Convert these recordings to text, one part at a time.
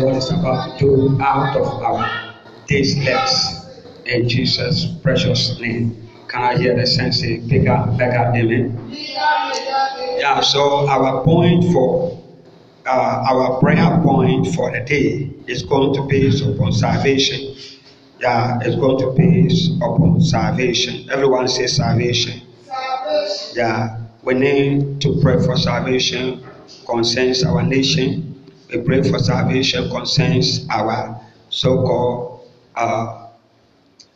what is about to do out of our days in Jesus' precious name. Can I hear the sense bigger, bigger amen? Yeah, so our point for uh, our prayer point for the day is going to be upon salvation. Yeah, it's going to be upon salvation. Everyone say salvation. salvation. Yeah, we need to pray for salvation concerns our nation, we pray for salvation concerns our so-called uh,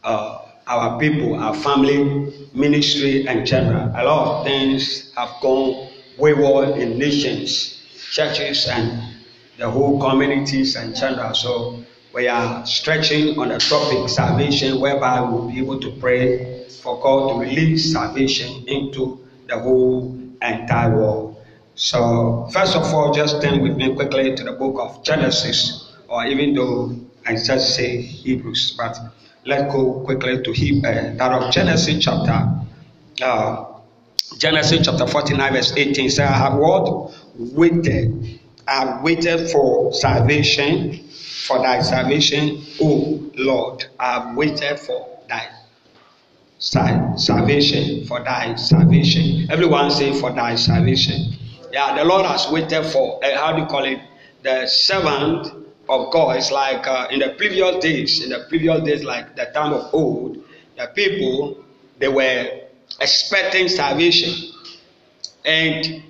uh, our people, our family, ministry, and general. A lot of things have gone wayward in nations, churches, and the whole communities and general. So we are stretching on the topic salvation, whereby we'll be able to pray for God to release salvation into the whole entire world. So, first of all, just turn with me quickly to the book of Genesis, or even though I just say Hebrews, but let's go quickly to Hebrew, uh, that of Genesis chapter. Uh, Genesis chapter 49, verse 18 says, I have what? Waited. I waited for salvation, for thy salvation, O Lord. I have waited for thy salvation, for thy salvation. Everyone say, for thy salvation. Yeah, the Lord has waited for, uh, how do you call it, the servant of God. It's like uh, in the previous days, in the previous days, like the time of old, the people, they were expecting salvation. And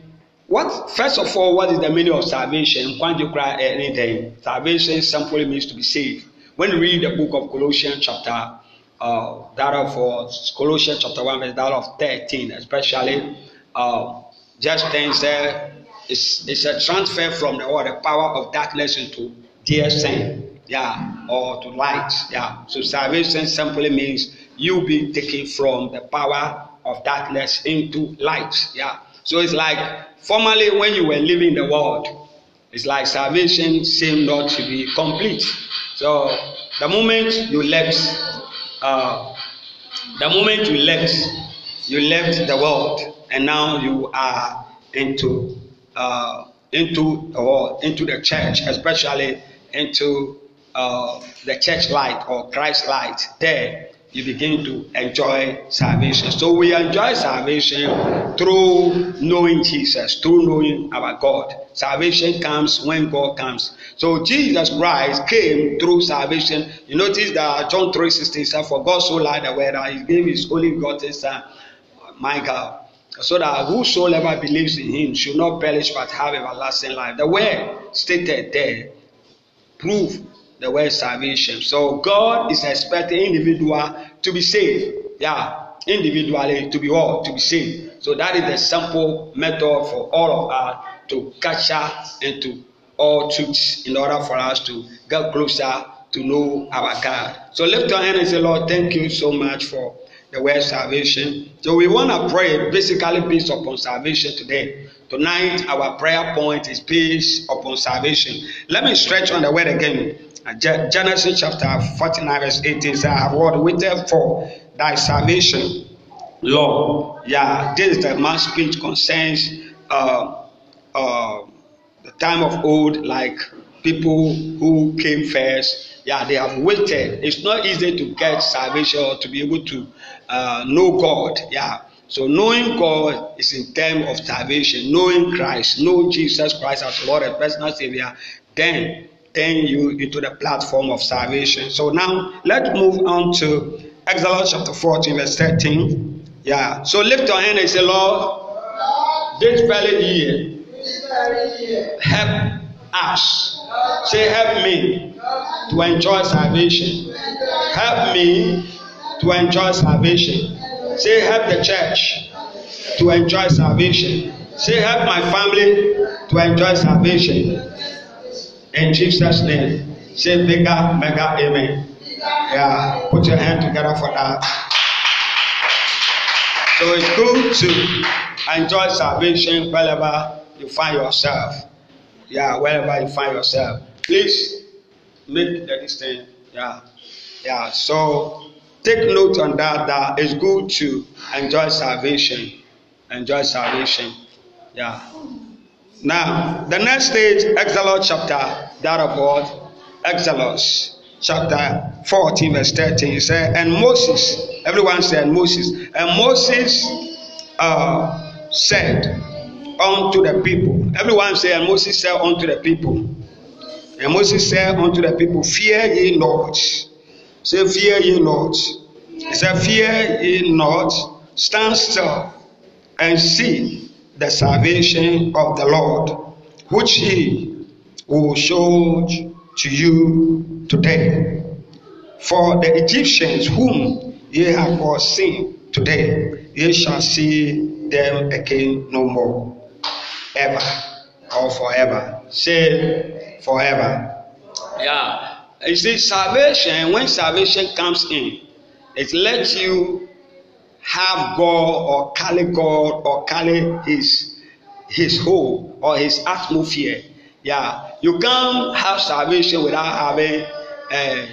what, first of all, what is the meaning of salvation? When you cry anything, salvation simply means to be saved. When you read the book of Colossians chapter uh, that of uh, Colossians chapter 1, verse that of 13, especially, uh, just then said it's, it's a transfer from the, or the power of darkness into dear sin, yeah, or to light, yeah. So salvation simply means you be taken from the power of darkness into light, yeah. So it's like formerly when you were living the world, it's like salvation seemed not to be complete. So the moment you left, uh, the moment you left, you left the world and now you are into uh, into or into the church, especially into uh, the church light or Christ light. There you begin to enjoy salvation. So we enjoy salvation through knowing Jesus, through knowing our God. Salvation comes when God comes. So Jesus Christ came through salvation. You notice that John 3 16 said, For God so loved the world that he gave his only begotten son, Michael so that whosoever believes in him should not perish but have everlasting life. The word stated there prove the word salvation. So God is expecting individual to be saved. Yeah, individually to be all to be saved. So that is the simple method for all of us to catch capture into all truths in order for us to get closer to know our God. So lift your hand and say, Lord, thank you so much for the word salvation. So we want to pray basically based upon salvation today. Tonight, our prayer point is based upon salvation. Let me stretch on the word again. Uh, Genesis chapter 49, verse 18 says, I have waited for thy salvation, Lord. Yeah, this is the man's speech concerns uh, uh, the time of old, like people who came first, yeah, they have waited. It's not easy to get salvation or to be able to uh, know God, yeah. So knowing God is in terms of salvation, knowing Christ, know Jesus Christ as Lord and personal Savior, then turn you into the platform of salvation. So now let's move on to Exodus chapter 14, verse 13. Yeah. So lift your hand and say, Lord, this very year, help us Say, help me to enjoy salvation. Help me to enjoy salvation. Say, help the church to enjoy salvation. Say, help my family to enjoy salvation. In Jesus' name, say mega mega amen. Yeah, put your hand together for that. So it's good to enjoy salvation wherever you find yourself yeah, wherever you find yourself, please make the distance. Yeah, yeah. So take note on that. That it's good to enjoy salvation. Enjoy salvation. Yeah. Now the next stage, Exodus chapter that of what? Exodus chapter fourteen verse 13 said and moses everyone said moses and moses uh, said unto the people. Everyone say, and Moses said unto the people. And Moses said unto the people, Fear ye not. Say, Fear ye not. He said, Fear ye not. Stand still and see the salvation of the Lord, which he will show to you today. For the Egyptians whom ye have all seen today, ye shall see them again no more ever or forever. Say forever. Yeah. You see, salvation, when salvation comes in, it lets you have God or carry God or carry His His hope or His atmosphere. Yeah, you can't have salvation without having a, eh,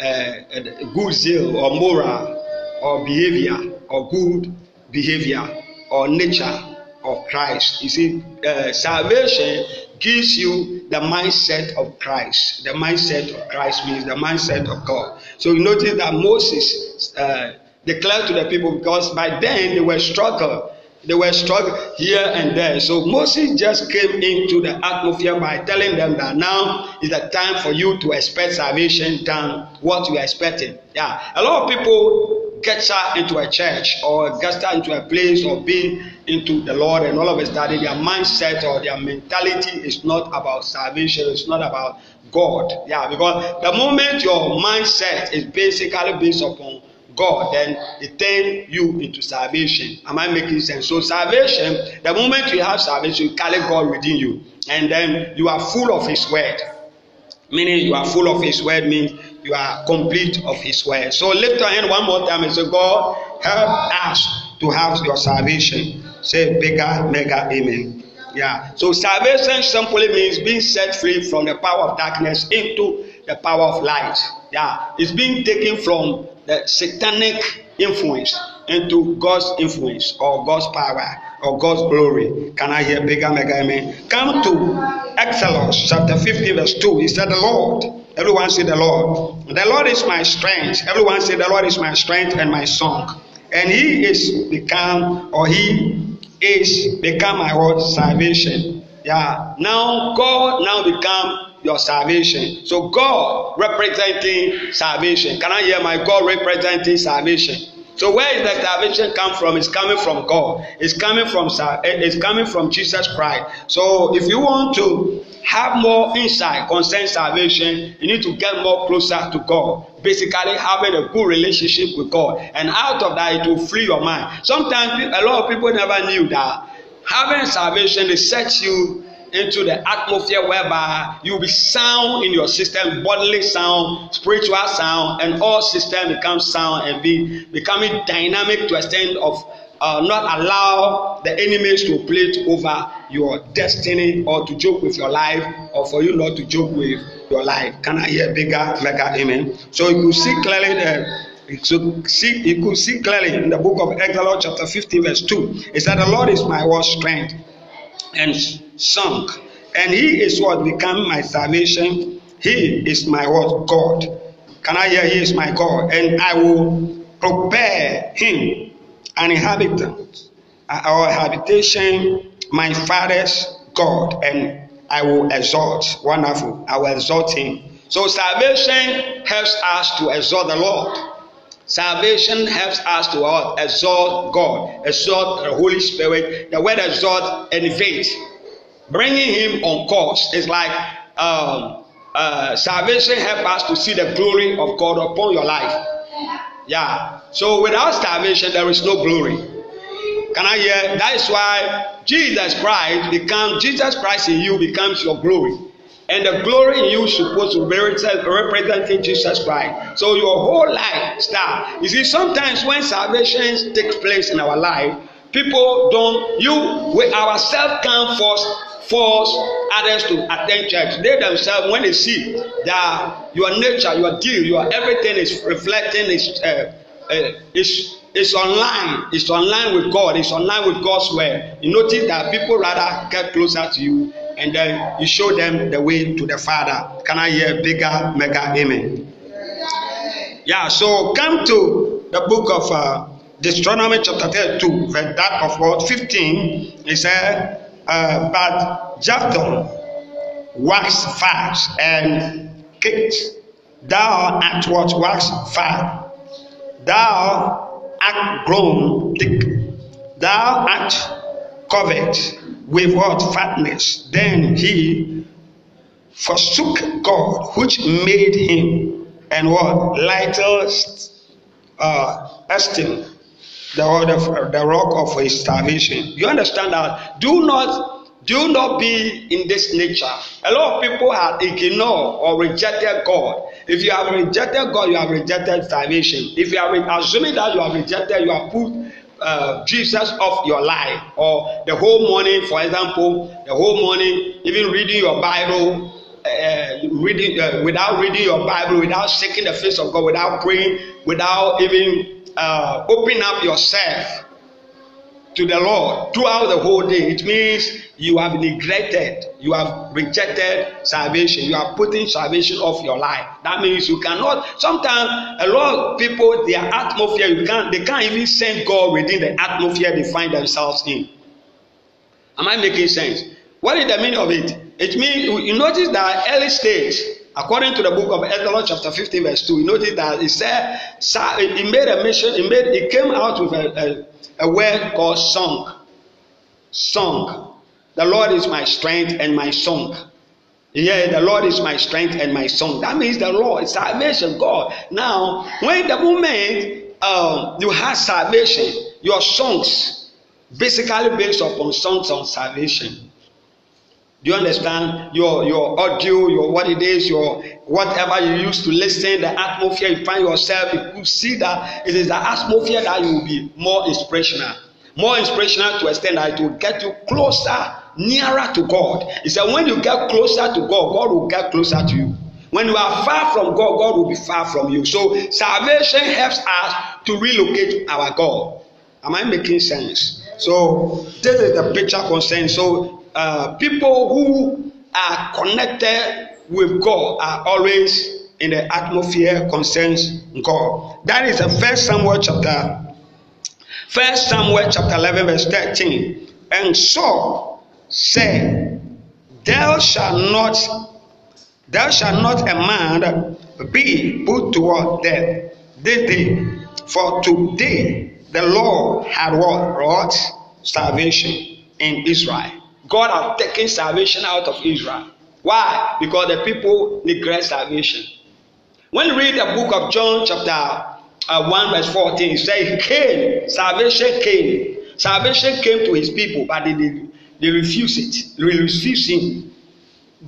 a, eh, a good zeal or moral or behavior or good behavior or nature of Christ. You see, uh, salvation gives you the mindset of Christ. The mindset of Christ means the mindset of God. So you notice that Moses uh, declared to the people because by then they were struggling. They were struck here and there. So Moses just came into the atmosphere by telling them that now is the time for you to expect salvation than what you are expecting. Yeah. A lot of people gets her into a church or gets her into a place of being into the Lord, and all of a sudden their mindset or their mentality is not about salvation, it's not about God. Yeah, because the moment your mindset is basically based upon God, then it turn you into salvation. Am I making sense? So, salvation, the moment you have salvation, you carry God within you, and then you are full of His word. Meaning, you are full of His word means you are complete of His word. So lift your hand one more time and say, God, help us to have your salvation. Say bigger, mega amen. Yeah. So salvation simply means being set free from the power of darkness into the power of light. Yeah. It's being taken from the satanic influence into God's influence or God's power or God's glory. Can I hear bigger mega amen? Come to Exodus chapter 50, verse 2. He said, The Lord Everyone say the Lord. The Lord is my strength. Everyone say the Lord is my strength and my song. And he is become, or he is become my word salvation. Yeah. Now God now become your salvation. So God representing salvation. Can I hear my God representing salvation? So where is the salvation come from? It's coming from God. It's coming from eh, it's coming from Jesus Christ. So if you want to have more insight concerning salvation, you need to get more closer to God. Basically, having a good relationship with God, and out of that, it will free your mind. Sometimes a lot of people never knew that having salvation it sets you into the atmosphere whereby you be sound in your system, bodily sound, spiritual sound, and all system becomes sound and be becoming dynamic to a extent of uh, not allow the enemies to play over your destiny or to joke with your life or for you not to joke with your life. Can I hear bigger, mega amen? So you could see clearly the so see, you could see clearly in the book of Exodus chapter 15 verse 2 it said the Lord is my word strength and Sunk, And he is what become my salvation. He is my what? God. Can I hear? He is my God. And I will prepare him an inhabitant, our habitation, my father's God. And I will exalt. Wonderful. I will exalt him. So salvation helps us to exalt the Lord. Salvation helps us to exalt God, exalt the Holy Spirit. The word exalt elevate. Bringing him on course is like um, uh, salvation help us to see the glory of God upon your life. Yeah. So without salvation, there is no glory. Can I hear? That is why Jesus Christ becomes Jesus Christ in you becomes your glory. And the glory in you is supposed to represent representing Jesus Christ. So your whole life start. You see, sometimes when salvation takes place in our life, people don't you with ourselves come first force others to attend church. They themselves, when they see that your nature, your deal, your everything is reflecting is uh, uh, is is online, is online with God, is online with God's word. You notice that people rather get closer to you, and then you show them the way to the Father. Can I hear bigger, mega amen? Yeah. So come to the book of. Uh, Deuteronomy chapter 32, verse that of what 15, he said, uh, but Jotham was fast and kicked. Thou art what was fat. Thou art grown thick. Thou art covered with what fatness. Then he forsook God, which made him, and what lightest uh, esteem the, the, the rock of his salvation. You understand that? Do not do not be in this nature. A lot of people have ignored or rejected God. If you have rejected God, you have rejected salvation. If you are assuming that you have rejected, you have put uh, Jesus off your life or the whole morning, for example, the whole morning, even reading your Bible, uh, uh reading uh, without reading your Bible, without seeking the face of God, without praying, without even uh, open up yourself to the Lord throughout the whole day. It means you have neglected, you have rejected salvation, you are putting salvation off your life. That means you cannot. Sometimes a lot of people, their atmosphere, you can't, they can't even send God within the atmosphere they find themselves in. Am I making sense? What is the meaning of it? It means you notice that early stage According to the book of Exodus chapter 15 verse 2, you notice that he said he made a mission, he made he came out with a, a, a word called song. Song. The Lord is my strength and my song. Yeah, the Lord is my strength and my song. That means the Lord is salvation, God. Now, when the moment um, you have salvation, your songs basically based upon songs on salvation. Do you understand? Your your audio, your what it is, your whatever you use to listen, the atmosphere you find yourself, you see that it is the atmosphere that you will be more inspirational. More inspirational to extend that it will get you closer, nearer to God. He said, when you get closer to God, God will get closer to you. When you are far from God, God will be far from you. So salvation helps us to relocate our God. Am I making sense? So this is the picture concern. So Uh, people who are connected with God are always in the atmosphere concerns God. That is the first Samuel chapter, first Samuel chapter 11, verse 13. And Saul said, Thou shalt not, thou shalt not a man be put toward death this day, for today the Lord had wrought salvation in Israel. God has taken salvation out of Israel. Why? Because the people neglect salvation. When you read the book of John, chapter uh, 1, verse 14, it says, came, salvation came. Salvation came to his people, but they, they, they refused it. They refused him.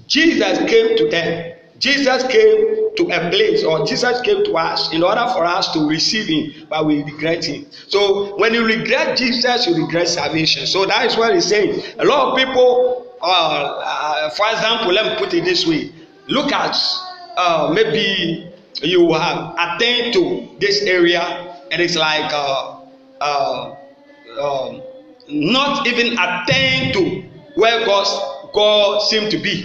Jesus came to them. Jesus came to a place or Jesus came to us in order for us to receive him, but we regret him. So when you regret Jesus, you regret salvation. So that is why he's saying. A lot of people, uh, uh, for example, let me put it this way. Look at uh, maybe you have attained to this area and it's like uh, uh, um, not even attained to where God's, God seemed to be.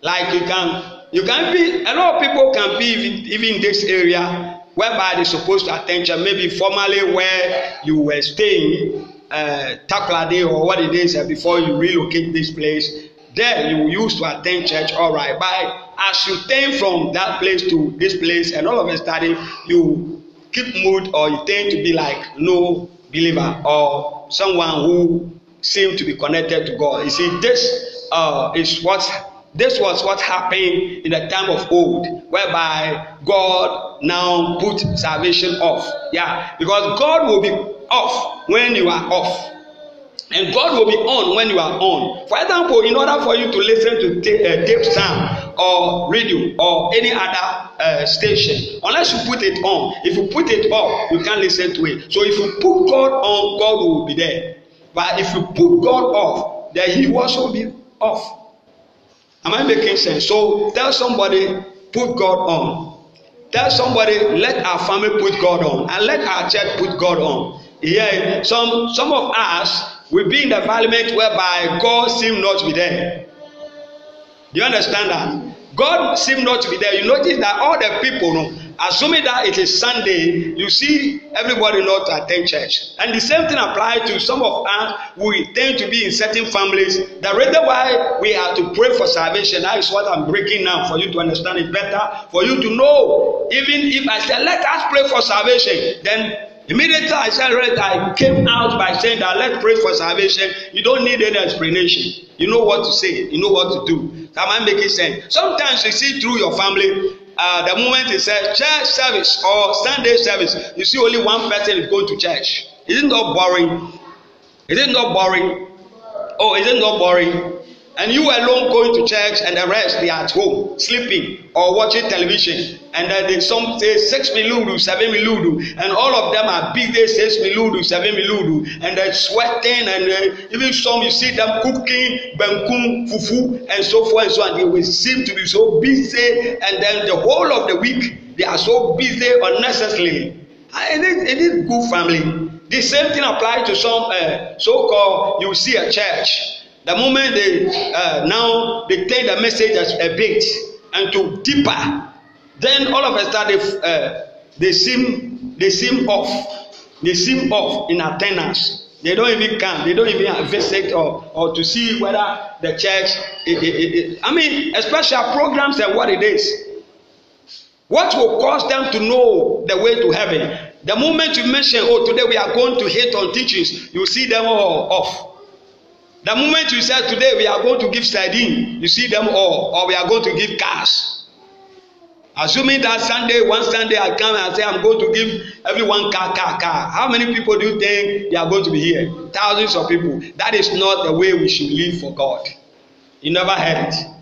Like you can You can be, a lot of people can be even, in this area whereby they supposed to attend church, maybe formerly where you were staying, uh, Taklade or what it is, uh, before you relocate this place. There you used to attend church, all right. But as you turn from that place to this place, and all of a sudden you keep mood or you tend to be like no believer or someone who seem to be connected to God. You see, this uh, is what This was what happened in the time of old, whereby God now put salvation off. Yeah, because God will be off when you are off. And God will be on when you are on. For example, in order for you to listen to tape, tape sound or radio or any other uh, station, unless you put it on, if you put it off, you can't listen to it. So if you put God on, God will be there. But if you put God off, then He also be off. Am I making sense? So tell somebody, put God on. Tell somebody, let our family put God on, and let our church put God on. Yeah, some some of us we be in the parliament whereby God seem not to be there. Do you understand that? God seem not to be there. You notice that all the people know Assuming that it is Sunday, you see everybody not attend church. And the same thing apply to some of us We tend to be in certain families. The reason why we have to pray for salvation, that is what I'm breaking now for you to understand it better, for you to know. Even if I say, let us pray for salvation, then Immediately I said, right, I came out by saying that let's pray for salvation. You don't need any explanation. You know what to say, you know what to do. Am I making sense? Sometimes you see through your family, uh, the moment he said church service or Sunday service, you see only one person is going to church. Isn't that boring? Isn't that boring? Oh, isn't that boring? and you alone going to church and the rest they are at home sleeping or watching television and then they some say six miludu seven miludu and all of them are big they six miludu seven miludu and they're sweating and uh, even some you see them cooking benkum fufu and so forth and so on they will seem to be so busy and then the whole of the week they are so busy unnecessarily and ah, it it is good family the same thing applies to some uh, so-called you see a church The moment they uh, now they take the message as a bit and to deeper, then all of a sudden they, uh, they seem they seem off, they seem off in attendance. They don't even come. They don't even visit or, or to see whether the church. It, it, it, I mean, especially programs and what it is. What will cause them to know the way to heaven? The moment you mention, oh, today we are going to hate on teachings, you see them all off. The moment you say today we are going to give sardine, you see them all, or we are going to give cash. Assuming that Sunday, one Sunday I come and say I'm going to give everyone car, car, car. How many people do you think they are going to be here? Thousands of people. That is not the way we should live for God. You never heard it.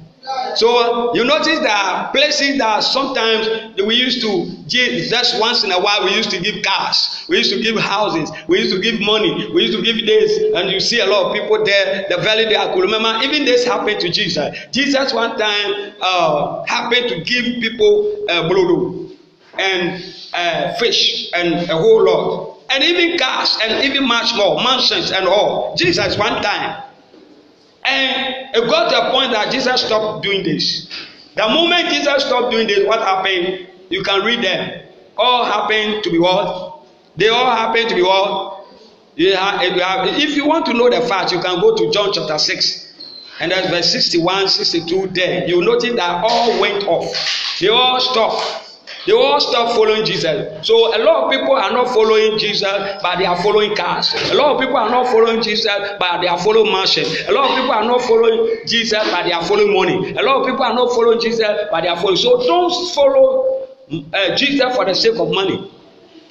So you notice that places that sometimes we used to give just once in a while we used to give cars, we used to give houses, we used to give money, we used to give this, and you see a lot of people there. The valley there, I could remember even this happened to Jesus. Jesus one time uh, happened to give people uh, blood and uh, fish and a whole lot, and even cars and even much more mansions and all. Jesus one time. And it got to a point that Jesus stopped doing this. The moment Jesus stopped doing this, what happened? You can read them. All happened to be what? They all happened to be what? If you want to know the facts, you can go to John chapter six, And that's verse sixty-one, sixty-two. there. You notice that all went off. They all stopped. They all start following Jesus. So a lot of people are not following Jesus, but they are following cars. A lot of people are not following Jesus, but they are following mansion. A lot of people are not following Jesus, but they are following money. A lot of people are not following Jesus, but they are following. So don't follow uh, Jesus for the sake of money.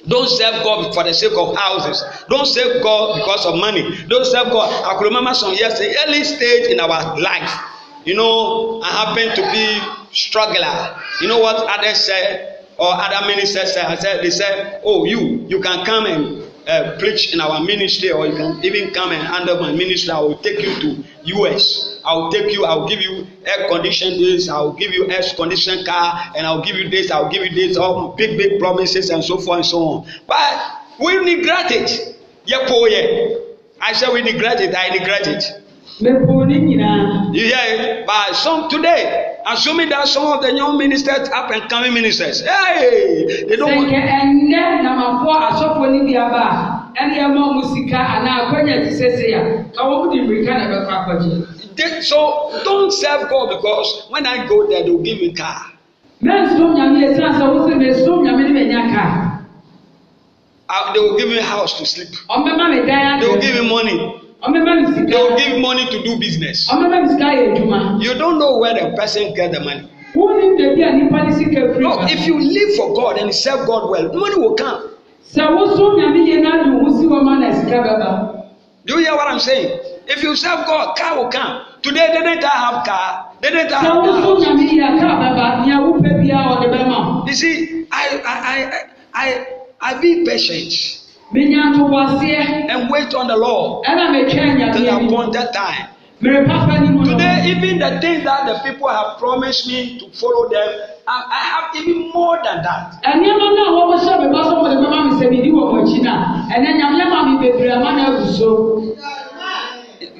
Don't serve God for the sake of houses. Don't serve God because of money. Don't serve God. I could remember some years, the early stage in our life. You know, I happen to be struggler. You know what others said? or other ministers say, say, they say, oh, you, you can come and uh, preach in our ministry or you can even come and handle my ministry. I will take you to US. I will take you, I will give you air conditioned this, I will give you air conditioned car, and I will give you this, I will give you this, all big, big promises and so forth and so on. But we regret it. Yeah, poor, yeah. I say we regret it, I need regret it. You hear it? But some today, assuming that some of the young ministers up and coming ministers hey they don't want. sèkè ẹnẹ nàmàfọ asọfọ níbi abá ẹni ẹ mọ ọmọ sika àná akọnyẹ ti sẹsẹ yà káwọn ọmọdé mìíràn náà bẹ kọ akọjẹ. so don't serve God because when I go there they will give me car. bẹ́ẹ̀ sọ nyàmú yẹn sàn sọ wọ́n sẹ́ bẹ́ẹ̀ sọ nyàmú yẹn bẹ́ẹ̀ nyà ká. Uh, they will give me house to sleep. ọmọ bẹ́ẹ̀ mi dá yà. they will give me money. They will give money to do business. You don't know where the person get the money. No, if you live for God and serve God well, money will come. Do you hear what I'm saying? If you serve God, car will come. Today, didn't I have car? Didn't I have car? You see, I, I, I, I, I be patient and wait on the Lord till appointed time. Today, even the things that the people have promised me to follow them, I, I have even more than that.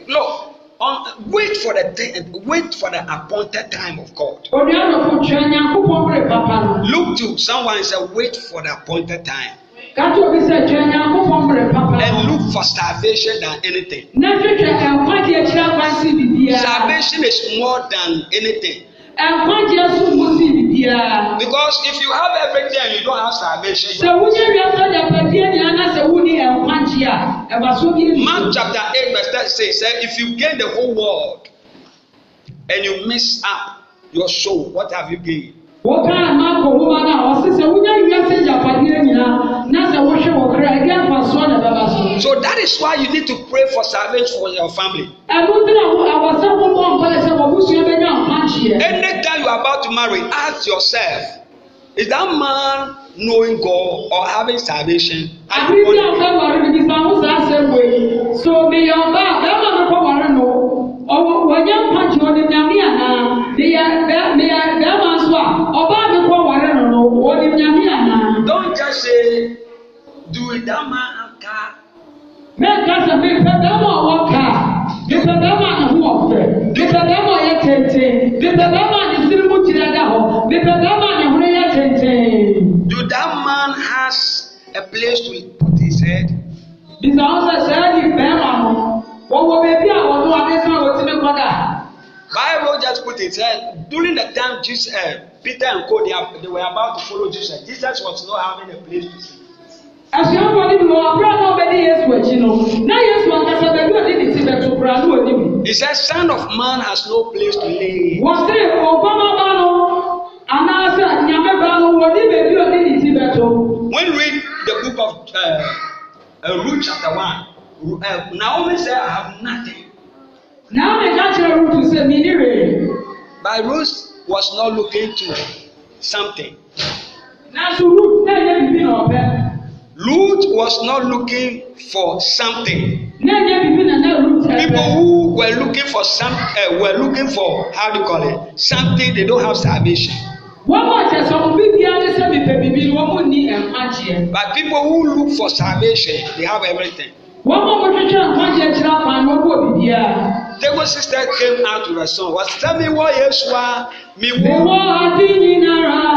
Look, on, wait for the day, wait for the appointed time of God. Look to someone and say, wait for the appointed time. And look for starvation than anything. Starvation is more than anything. E, Because if you have everything and you don't have salvation. E, Mark chapter 8, verse 36 says, eh, If you gain the whole world and you miss up your soul, what have you gained? wɔkaa marko nwoma no a ɔse sɛ wonya wiase agyapadeɛ nyinaa na sɛ wohwɛ wɔ kra ɛgɛ mfasoɔ na bɛba so so that is why you need to pray for salvation for your family ɛno ntina ɛwɔ sɛ wobɔ mpae sɛ wɔbusua bɛnya mpanhyeɛ anytime you are about to marry ask yourself is that man knowing God or having salvation. àbí bí àwọn ẹwà rẹ̀ bí sáwọn sáà ṣe wé so mi yàn bá bẹ́ẹ̀ máa ń kọ́ wàrẹ̀ nù ɔwɔ wɔnyɛ mpatwɛ ɔde nyame anaa deɛ deɛ bɛrima a ɔbaa ne kɔ wɔre no no ɔde nyame anaa. don't just say do that man anka. mẹ́ẹ̀ka sọ mi pẹ̀ bẹ́ẹ̀ma ọwọ́ ká mi pẹ̀ bẹ́ẹ̀ma ahu ọ̀fẹ́ mi pẹ̀ bẹ́ẹ̀ma yẹ tẹ̀ntẹ̀n mi pẹ̀ bẹ́ẹ̀ma ne sinimu kyerɛ da hɔ mi pẹ̀ bẹ́ẹ̀ma ne ho yɛ tẹ̀ntẹ̀n. do that man has a place to put his head. bisawo sɛ sɛ ɛni bɛrima no. Wọ́wọ́ bẹ̀bí àwọn ọdún Adésán wo ti mi kọ́kà. Bible just put it uh, during the time Jesus, uh, Peter and Co they, have, they were about to follow Jesus. Jesus was not having a place to sleep. Asuafo ni mu ọbúra náà bẹ ní Yesu ẹ̀kí nù. Ná Yesu ankasa bẹ̀rù òní ní ti bẹ̀tù kura ní òní mi. He said son of man has no place to lay. Wọ́n sẹ́ ògbọ́mọba lọ, anáṣẹ́ nyàmẹ́bà lọ, wọ́n ní bẹ̀rù òní ní ti bẹ̀tù. When we read the book of uh, uh, Luke chapter one. Eh, Naomi said, I have nothing. Naomi got your root to say, Minire. But Ruth was not looking to something. Now Ruth was not looking for something. People who were looking for some uh, were looking for how do you call it something they don't have salvation. But people who look for salvation, they have everything wɔn a wɔtwitwa nkwagye akyerɛ aman no wɔbɔ bibiara. Tego sister came out to her son. Was tell me what Yeshua me. They were happy in her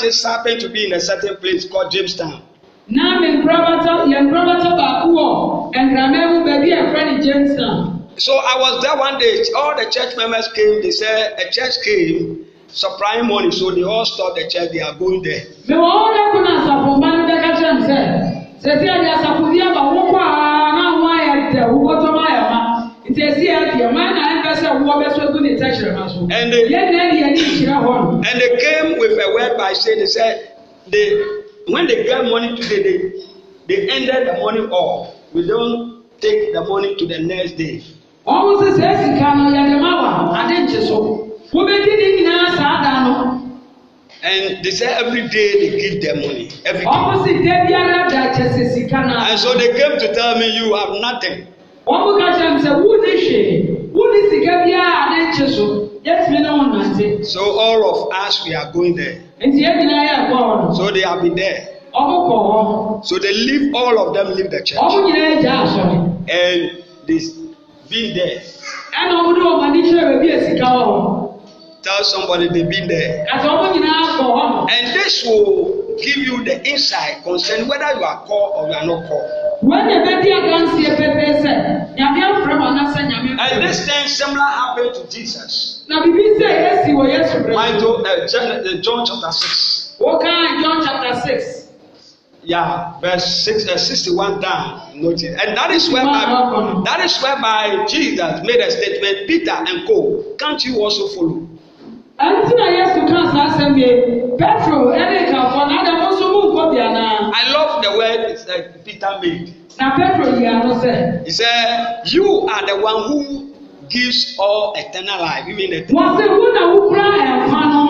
artist happen to be in a certain place called Jamestown. na me nkurabata yɛ nkurabata baako wɔ nkramahu baabi a yɛfrɛ Jamestown. So I was there one day. All the church members came. They said a church came supplying money, so they all stopped the church. They are going there. Mi wọ́n wọ́n dẹ́ kun asafo mba ní bẹ́ẹ̀ ká kyerẹ́ mi sẹ́, sẹ́sẹ́ ẹ̀dí asafo bí ẹ̀ bá náà wọ́n ayẹ tẹ̀ wọ́n máa yẹ and they and they came with a word by saying they said they when they get money today they they ended the money off we don't take the money to the next day. And they said every day they give their money. Every day. And so they came to tell me, You have nothing wɔn mo ka mi sɛ wo ne hwee wo ne sika biara ne nkye so yɛtumi ne ho nante. so all of us we are going there. nti yɛn nyinaa yɛ kɔ hɔ. so they have been there. ɔmo kɔ hɔ. so they leave all of them leave the church. ɔmo nyinaa gya asɔre. and they been there. ɛna ɔmo de wɔn ani kyerɛ baabi a sika wɔ. tell somebody they been there. kasa ɔmo nyinaa kɔ hɔ. and this will give you the insight concerning whether you are called or you are not called. When the baby against the baby said, Yamia from another Yamia. And this thing similar happened to Jesus. Now, the Bible says, Yes, he was yes. to uh, John, uh, John chapter 6. Okay, John chapter six? Yeah, verse six, uh, 61 down. Notice. And that is where wow. that is whereby Jesus made a statement, Peter and Co. Can't you also follow? i love the word it's like peter made. na petro yi ano sɛ. he said you are the one who gives all eternal life you mean eternal. wọ́n sẹ́ wọ́n na wọ́n kura ẹ̀fọn náà.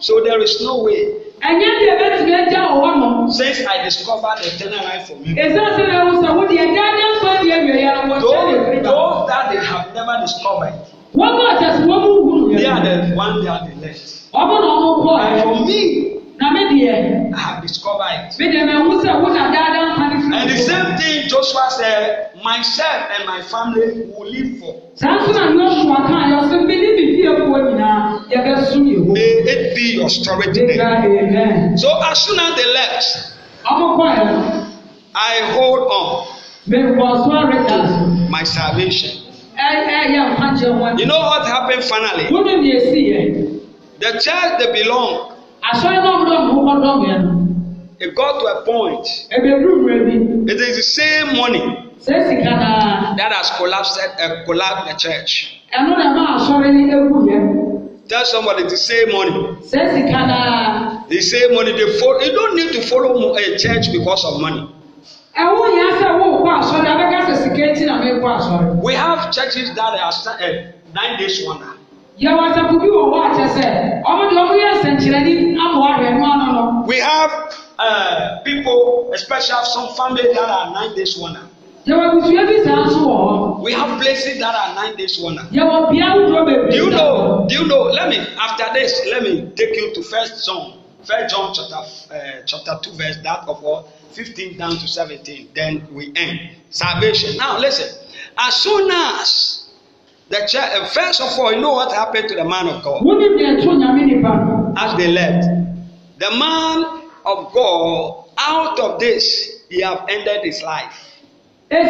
so there is no way. ẹ̀yẹ́ ni ẹ̀bẹ̀ tí ẹ já ọwọ́ since I discovered eternal life for me. èsì àti ẹ̀rọ sọ̀wọ́ di ẹ̀dá ẹ̀dá sọ̀rọ̀ di ẹ̀yọ̀ yẹn. those that they have never discovered. Wọ́n bá àtẹ̀sí wọ́n mú wúrù yẹn. They are the one they are the left. Ọmọ náà ọmọ kọ And for me. Na mi di yẹ. I have discovered it. Mi dẹ̀ mẹ̀ wúsẹ̀ wọ́n na dáadáa ń parí fún mi. And the same thing Joshua said, myself and my family will live for. Sáńsì náà ní oṣù àkàn yọ sí mi níbi bí epo nyinaa yẹ bẹ sún yìí. May it be your story today. Amen. So as soon as they left. Ọmọ kọ ẹ̀. I hold on. May Mi kọ̀ sọ́ọ̀rì kan. My salvation. You know what happened finally? Eh? The church they belong. It got to a point. It is the same money that has collapsed, uh, collapsed the church. Tell somebody the same money. The same money they follow. You don't need to follow a church because of money. We have churches that are uh, nine days wonder. We have uh, people, especially some families that are nine days wonder. We have places that are nine days wonder. Do you know? Do you know? Let me after this. Let me take you to First John, First John chapter uh, chapter two, verse that of all. 15 down to 17, then we end. Salvation. Now, listen. As soon as the church, first of all, you know what happened to the man of God? As they left, the man of God, out of this, he have ended his life. no.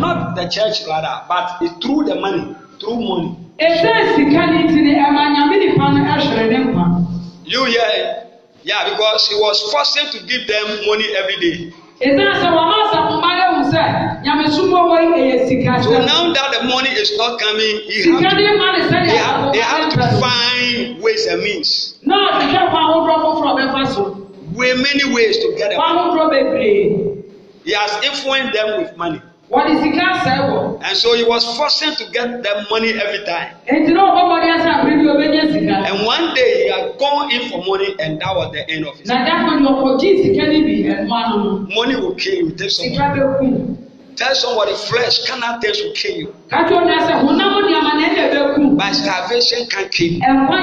not the church rather but it through the money through money. ẹsan sika ni ti ni ẹma nyame nipa no ẹsẹrẹ nkwa. You hear? Yeah, because he was forcing to give them money every day. So now that the money is not coming, he have to, they have, they have to find ways and means. Náà sìkà fún àwọn ọ̀dọ́ fún from ọ̀bẹ fásitì. Way many ways to get them. Fún drop every. bèbèrè. He has influenced them with money wɔde sika asɛe wɔ. and so he was forcing to get that money every time. eti náà ọkọ bọ̀dé asa àpè bí o bẹ jẹ sika. and one day he had gone in for money and that was the end of it. na dáhùn ni ọkọ̀ jí sika níbi ẹ̀ mọ́ àná. money will kill you take some. sika bẹ kú. Tell somebody flesh cannot taste will kill you. Kájọ́ ní ẹsẹ̀ hùnámù ni àmàlẹ́ ẹ̀dẹ̀ bẹ́ẹ̀ kú. But salvation can kill you.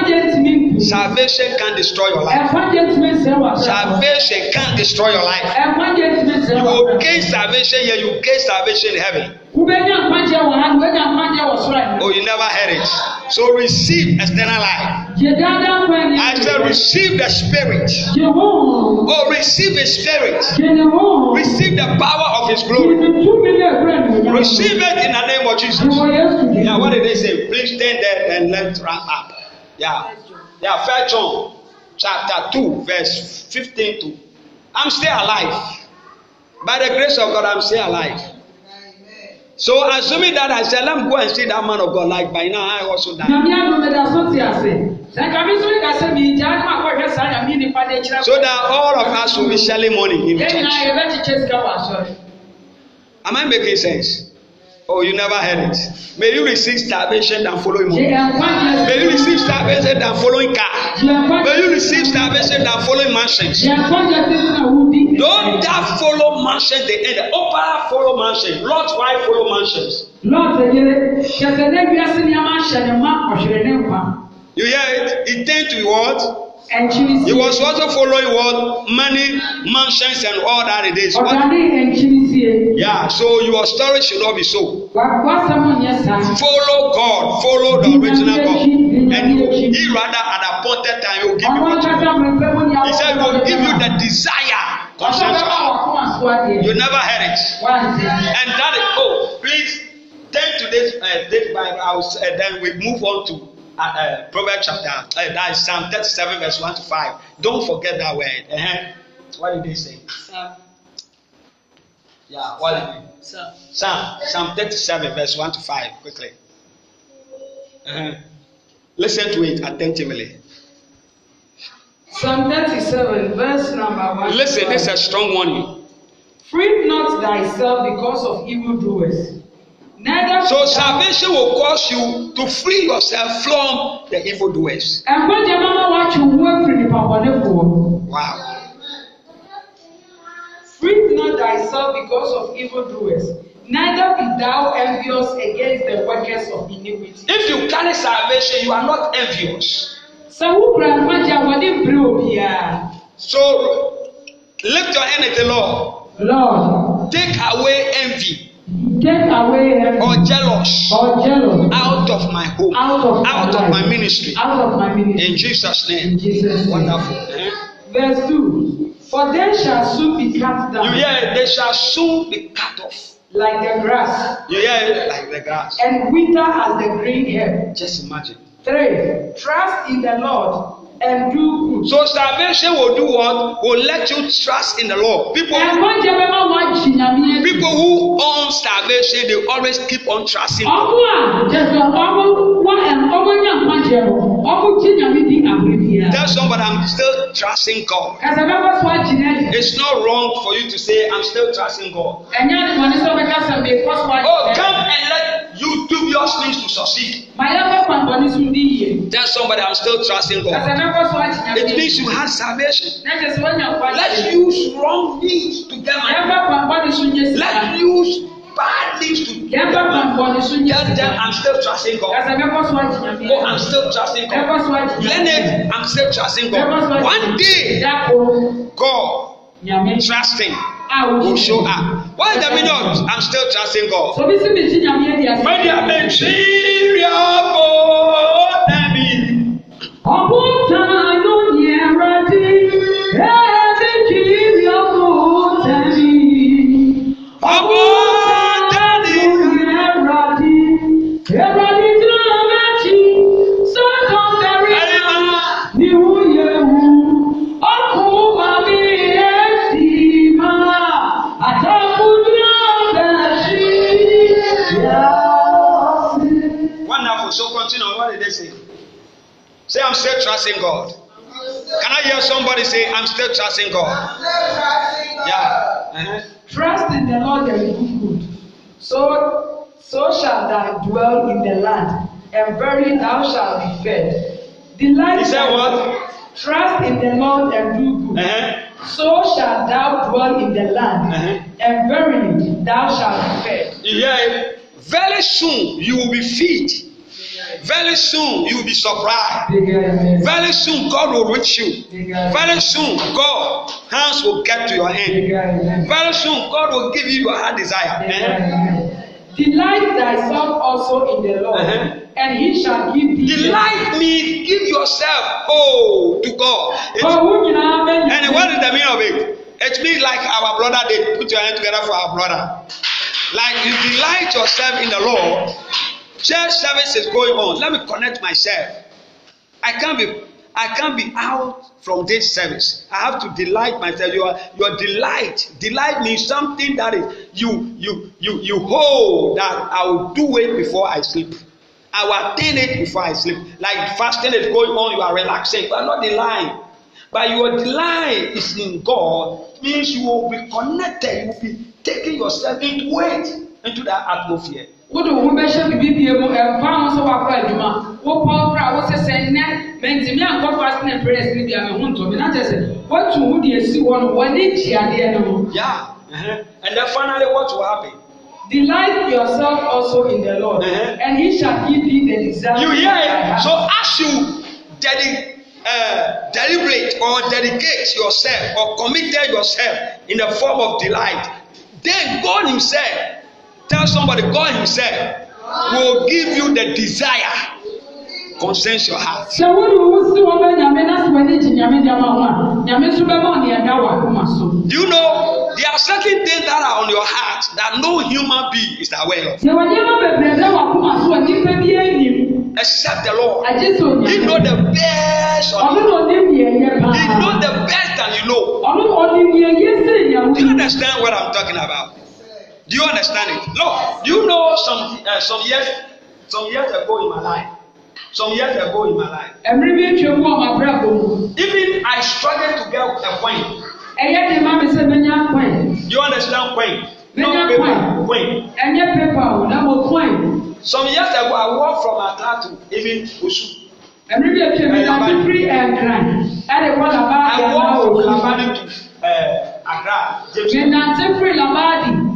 jẹ́ tìmí kú. Salvation can destroy your life. Ẹ̀fọn jẹ́ tìmí sẹ́wà. Salvation can destroy your life. Ẹ̀fọn jẹ́ tìmí sẹ́wà. You will gain salvation here, you gain salvation in heaven. Kúbẹ́ ní àpájẹ́ wọ̀ hàn, kúbẹ́ ní àpájẹ́ wọ̀ sọ́ra. Oh, you never heard it. So receive external life. I said, receive the spirit. Oh, receive the spirit. Receive the power of his glory. Receive it in the name of Jesus. Yeah, what did they say? Please stand there and let's wrap up. Yeah. Yeah, First John chapter 2, verse 15 to I'm still alive. By the grace of God, I'm still alive. So assuming that I said, let me go and see that man of God, like by now I also die. So that all of us will be selling money in church. Am I making sense? Oh, you never heard it. May you receive starvation than following money. May you receive starvation than following car. May you receive starvation than following mansions. Don't that follow mansions The end. Opera follow mansions. Lot why follow mansions. You hear it? It tend to be what? And choosing. He was also following what many mansions and all that it is. Ọ̀dàdé and choosing. Yeah, so your story should not be so. Wà gbọ́ sẹ́mu yẹn Follow God, follow the original God. And he, rather at appointed time he will give you what you want. He said he will give you the desire. You never heard it. And that is, oh, please, take today's uh, date Bible, and uh, then we move on to uh, uh, Proverbs chapter, uh, that is Psalm 37, verse 1 to 5. Don't forget that word. Uh-huh. What did they say? Psalm. Yeah, what Psalm. did Psalm. Psalm. Psalm 37, verse 1 to 5, quickly. Uh-huh. Listen to it attentively. Psalm 37, verse number 1. Listen, this is a strong warning. Fret not thyself because of evildoers Neither so salvation will cause you to free yourself from the evil doers. Wow. Free not thyself because of evil doers, neither be thou envious against the workers of iniquity. If you carry salvation, you are not envious. So lift your hand at the Lord. Lord. Take away envy. Take away everything. Or jealous. Or jealous. Out of my home. Out of, out my, of my ministry. Out of my ministry. In Jesus' name. In Jesus' name. Wonderful. Eh? Verse 2. For they shall soon be cut down. You hear? They shall soon be cut off. Like the grass. You hear? Like the grass. And winter has the green hair. Just imagine. 3. Trust in the Lord and do good. So salvation will do what? Will let you trust in the Lord. People, people who own salvation, they always keep on trusting. That's um, somebody I'm still trusting God. It's not wrong for you to say I'm still trusting God. Oh, come and let You do your things to succeed. Tell somebody I'm still trusting God. It means you had salvation. Let's use wrong means to get money. Let's use bad things to get money. Tell them I'm still trusting God. Oh, I'm still trusting God. it. I'm still trusting God. One day, God, trust him will show up. Why the not? I'm still trusting God. So this is the thing I'm here. Say, I'm still trusting God. Can I hear somebody say, I'm still trusting God? Yeah. Uh-huh. Trust in the Lord and do good. So, so shall thou dwell in the land, and verily thou shalt be fed. Delight he said what? Trust in the Lord and do good. Uh-huh. So shalt thou dwell in the land, uh-huh. and verily thou shalt be fed. You hear it? Very soon you will be fed Very soon you will be surprised. Very soon God will reach you. Very soon God hands will get to your hand. Very soon God will give you your heart desire. Eh? Delight thyself also in the Lord, uh-huh. and he shall give thee. Delight me, give yourself, oh, to God. It's, and what is the meaning of it? It means like our brother did. Put your hand together for our brother. Like you delight yourself in the Lord, Church service is going on. Let me connect myself. I can't be I can't be out from this service. I have to delight myself. Your your delight delight means something that is you you you you hold that I will do it before I sleep. I will attain it before I sleep. Like fasting is going on, you are relaxing, but not delying. But your delight is in God means you will be connected. You will be taking yourself into it into that atmosphere wode wo ho bɛhyɛ bibibie mu ɛmfa ho sɛ woakɔ adwuma wopɔw korɔ a wosɛsɛ nnɛ mentimi ankɔ fast ne prayers ne bia me ho ntɔ me na kyerɛ sɛ woatu ho de asi hɔ no wɔne gye adeɛ no ho yeah uh-huh. and then finally what will happen Delight yourself also in the Lord, uh-huh. and He shall give you the desire. You hear it? So as you dedic- uh, deliberate or dedicate yourself or committed yourself in the form of delight, then God Himself Tell somebody, God Himself will give you the desire concerns your heart. Do You know there are certain things that are on your heart that no human being is aware of. Except the Lord. He know the best on you. He know the best that you know. Do you understand what I'm talking about? Do you understand it? Look, do you know some uh, some years some years ago in my life? Some years ago in my life. Ẹ̀mí bí etí ogun ọmọ abúlé àbò. Even I struggled to get a coin. Ẹyẹ ni mami sẹ́ mi ní coin. Do you understand coin? No paper coin. Ẹ̀yẹ paper o, na mo coin. Some years ago I walked from Accra to even Osu. Ẹ̀mí bí etí ogun ọmọ abúlé Accra. Ẹ̀dẹ̀ kọ́ làbá I walked from Labadi to eh, Accra. James. Ẹ̀nà tí fún Labadi.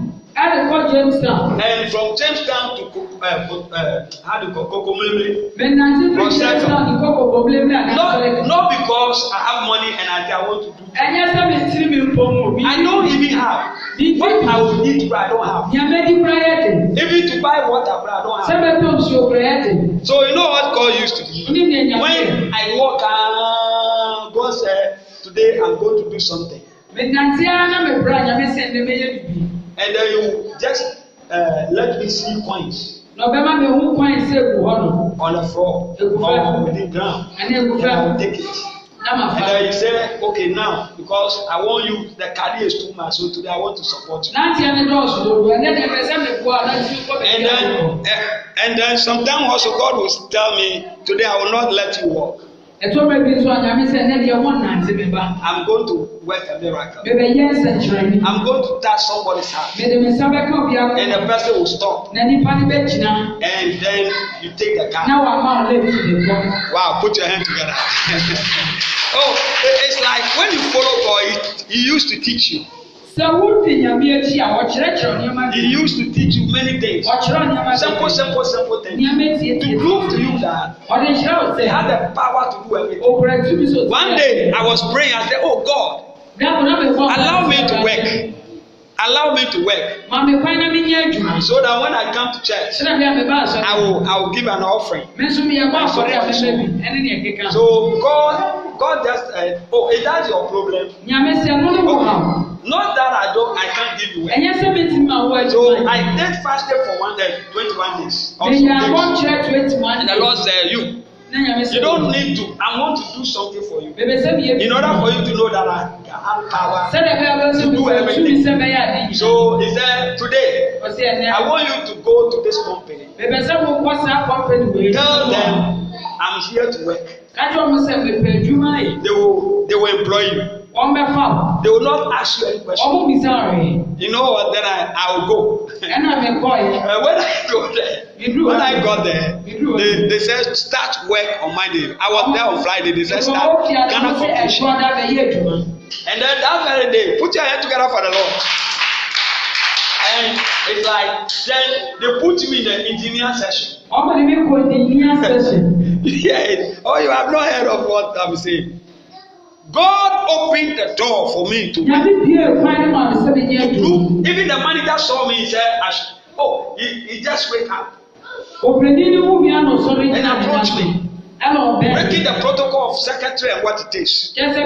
How to call Jamestown. And from Jamestown to uh, uh, how to call Kokomlemle. When I say from Jamestown to Kokomlemle. Not not because I have money and I say I want to do. Ẹ̀yẹ́ sẹ́mi sí mi fún mi. I don't even have. What I will need to I don't have. Yàmẹ́ di prayer Even to buy water but I don't have. Sẹ́mi tó ń ṣe prayer So you know what God used to do? When I walk ah God said today I'm going to do something. But Mẹ̀dàntí á ná mi bra, yàmẹ́ sẹ́ni mi yẹ bìbí and then you just uh, let me see coins. na ọbẹ̀ma mi hu coins egu hɔ no. on the floor egu fɛ on the ground. ɛna egu fɛ and take it. Nama and then you say okay now because I want you the card is too much so today I want to support you. Láti ẹni dọ́ọ̀sù lóru ẹni ẹni ẹgbẹ́ sẹ́mi kú ọ̀nà tí kò bẹ̀rẹ̀ kí And then sometimes also God will tell me today I will not let you walk ɛtɔ bɛ bi nso a nyame sɛ ɛnɛ deɛ wɔn nante mi ba. i'm going to work a miracle. bɛbɛ yɛ nsɛnkyerɛni. i'm going to touch somebody's heart. mede mi nsa bɛka obi akɔ. and the person will stop. na nipa ni bɛ gyina. and then you take the car. na wa ma o late to the point. wow put your hand together. oh it's like when you follow God he, he used to teach you. He used to teach you many things. Simple, simple, simple things. To prove to you that they had the power to do everything. One day I was praying, I said, Oh God, allow me to work. Allow me to work. So that when I come to church, I will I will give an offering. So God God just uh, oh is that your problem? Oh, Not that I don't, I can't give you. Ẹ̀yẹ́ sẹ́mi ti máa wọ ẹ̀jú wọn. So I did fasted for one day, twenty-one days. Ẹ̀yà wọ́n jẹ́ twenty-one days. The Lord said you. You don't need to. I want to do something for you. In order for you to know that I have power to do everything. So he said, Today, I want you to go to this company. Tell them I'm here to work. They will, they will employ you. Wọ́n mẹ́fà. They will not ask you any question. Ọmú mi sáré. You know what? Then I I will go. Ẹnu mi kọ́ yẹn. When I go there. When I got there. they they said start work on Monday. I was there on Friday. They said start Ghana competition. And then that very day, put your head together for the Lord. And it's like then they put me in the engineer section. Ọmọ mi kò engineer section. yes. Oh, you have no heard of what I'm saying. God opened the door for me to work. Even the manager saw me and said, Oh, he, he just wake up. And approached me. Breaking the protocol of secretary and what it takes. Straight.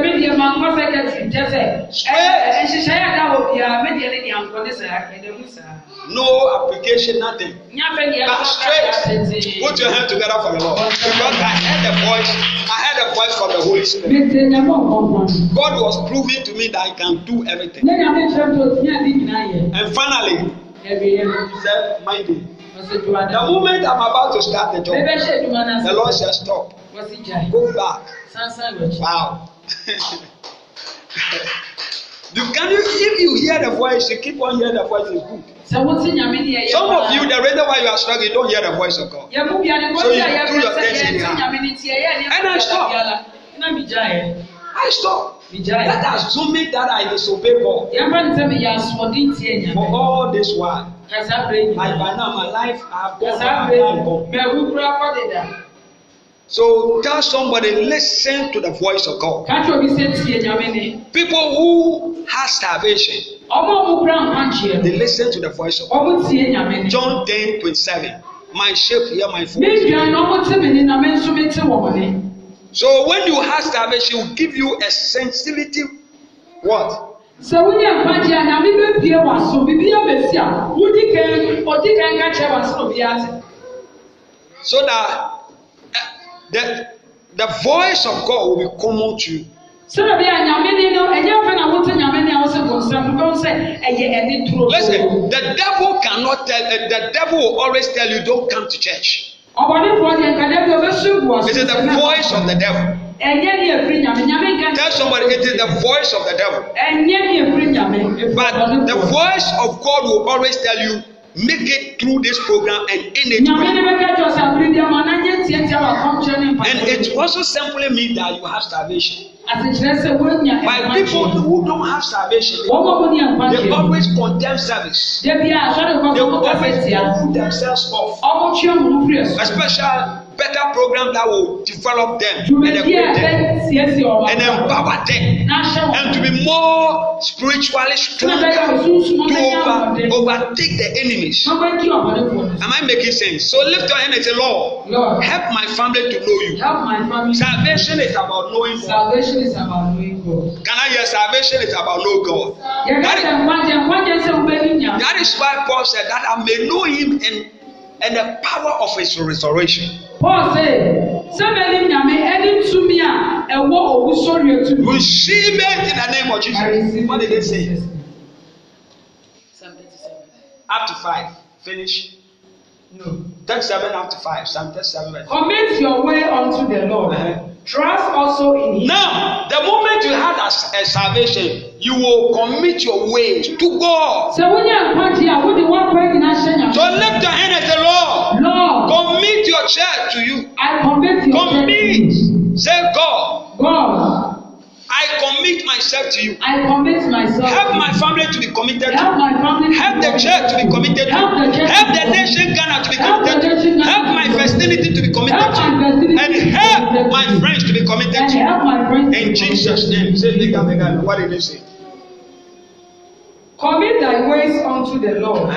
No application, nothing. But straight. Put your hand together for the Lord. Because I heard a voice. I heard a voice from the Holy Spirit. God was proving to me that I can do everything. And finally, said, "My dear"? The moment I'm about to start the job, the Lord shall stop. Go back. Wow. you can you if you hear the voice, you keep on hearing the voice is good. Some of you, the reason why you are struggling, don't hear the voice of God. So you do your things in And I stop. I stop. That has assuming that I disobey God. For all this while kasa bere nyinaa àgbà náà my life abọ́ náà àgbọ̀. mẹ̀wú kura kọ́ dìda. So tell somebody, listen to the voice of God. People who have starvation, they listen to the voice of God. John twenty seven. My sheep hear my voice. So when you have starvation, it will give you a sensitivity what? sɛ wonyɛ nkwagye a nyame bɛpie w'aso bibia bɛsi a wodi kan ɔdi kan ka kyerɛ w'ase na obiara te so that eh, the the voice of God will be common to you. sọ́dọ̀ bí i ni ní ẹ̀yẹ́ ọ̀fẹ́ náà wọ́n ti ni àwọn sẹ́kọ̀ọ́ sẹ́kọ̀ọ́ bí wọ́n sẹ́ ẹ̀yẹ ẹni dúró. listen the devil cannot tell uh, the devil will always tell you don't come to church. ọ̀bọ̀nìfọ̀ yẹn kàdé bí o bẹ́ sùn wọ̀ sí. this is the voice of the devil. Tell somebody it is the voice of the devil. But the voice of God will always tell you, make it through this program and in it. And it also simply means that you have salvation. By people who don't have salvation, they always condemn service. They always put themselves off. Especially better program that will develop them and equip them and empower them and to be more spiritually stronger to over, overtake the enemies. Am I making sense? So lift your hand and say, Lord, help my family to know you. Salvation is about knowing God. Can I hear salvation is about knowing God? That is why Paul said that I may know him and, and the power of his restoration. Paul say, Somebody nyame any tumi a ɛwɔ owu sori etu. Receive it in the name of Jesus. What did they say? Psalm 37. Up to five. Finish. No. 37 up to five. Psalm seven. Commit your way unto the Lord. Uh-huh. Trust also in Him. Now, the moment you had a, a salvation, you will commit your ways to God. So lift your hand and say, Lord, Lord, commit your church to you. I commit your Commit. Say, God. God. I commit myself to you. I commit myself. Help my family to be committed to. Help my family. Help the church to be committed to. Help the, church help the nation Ghana to be committed to. Help my festivity to be committed help to. And help my friends to be committed to. Help my friends In Jesus' name. Say, nigga, nigga, what did they say? Commit thy ways unto the Lord.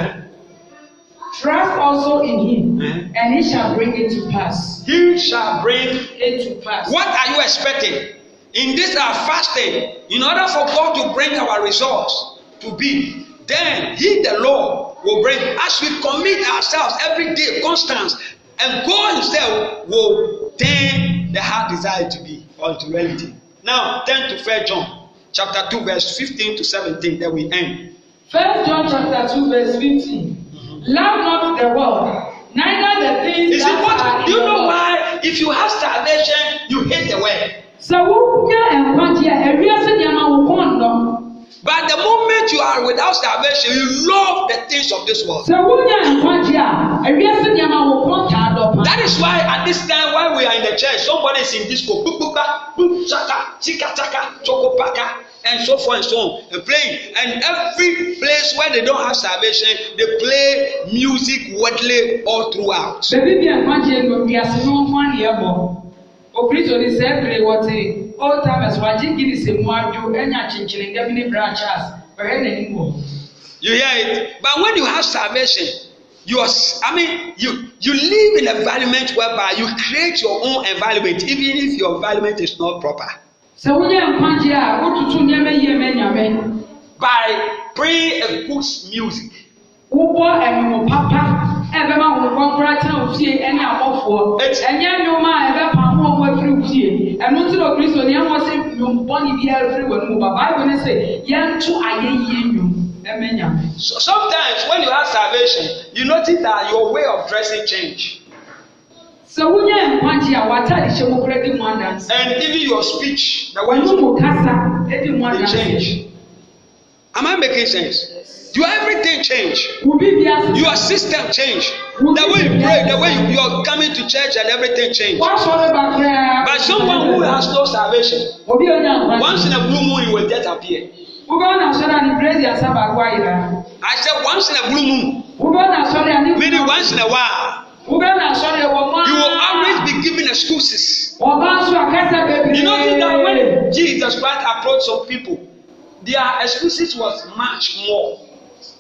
Trust also in him, and he shall bring it to pass. He shall bring it to pass. What are you expecting? in this our fasting, in order for God to bring our results to be, then He, the Lord, will bring. As we commit ourselves every day, constance, and God Himself will turn the heart desire to be unto reality. Now, turn to First John chapter two, verse fifteen to seventeen, then we end. First John chapter two, verse fifteen: Love not the world, neither the things. Is that it what? Are do you know why? If you have salvation, you hate the world sɛ wonya nkwagye a ewiase nneɛma wo kɔn nɔ. But the moment you are without salvation, you love the things of this world. a That is why at this time, while we are in the church, somebody is in disco, bukuka, chaka, chika chaka, chokopaka, and so forth and so on, and playing. And every place where they don't have salvation, they play music wordly all throughout oprito ni sɛbere wɔte old timers wagye guinness mu adwo ɛnya kyenkyere nga bi ne branches ɔhɛ n'anim wɔ. you hear it but when you have salvation you are i mean you you live in an environment whereby you create your own environment even if your environment is not proper. sɛ wonyɛ nkwagye a wotutu nneɛma yie mɛ nyame. by pray and good music. wobɔ ɛnum eh, papa ɛbɛma honhom kora kyerɛ wo fie ɛne abɔfoɔ ɛnyɛ nnwoma a ɛbɛpa ho ɔmo afiri wo fie ɛno nti na okristo ne ɛho sɛ nnwombɔne biara firi wɔ no mu ba bible ne sɛ yɛnto ayɛyie nnwom ɛmɛnya sometimes when you have salvation you notice that your way of dressing change So, sɛ wonya nkwagye a w'atade you are kora di mu adanse and even your speech the way you speak kasa di mu change am i making sense yes. Your everything change. Your system change. The way you pray, the way you, are coming to church and everything change. But someone who has no salvation, once in a blue moon, you will just appear. I said once in a blue moon. Maybe once in a while. You will always be given excuses. You know that when Jesus Christ approach some people, their excuses was much more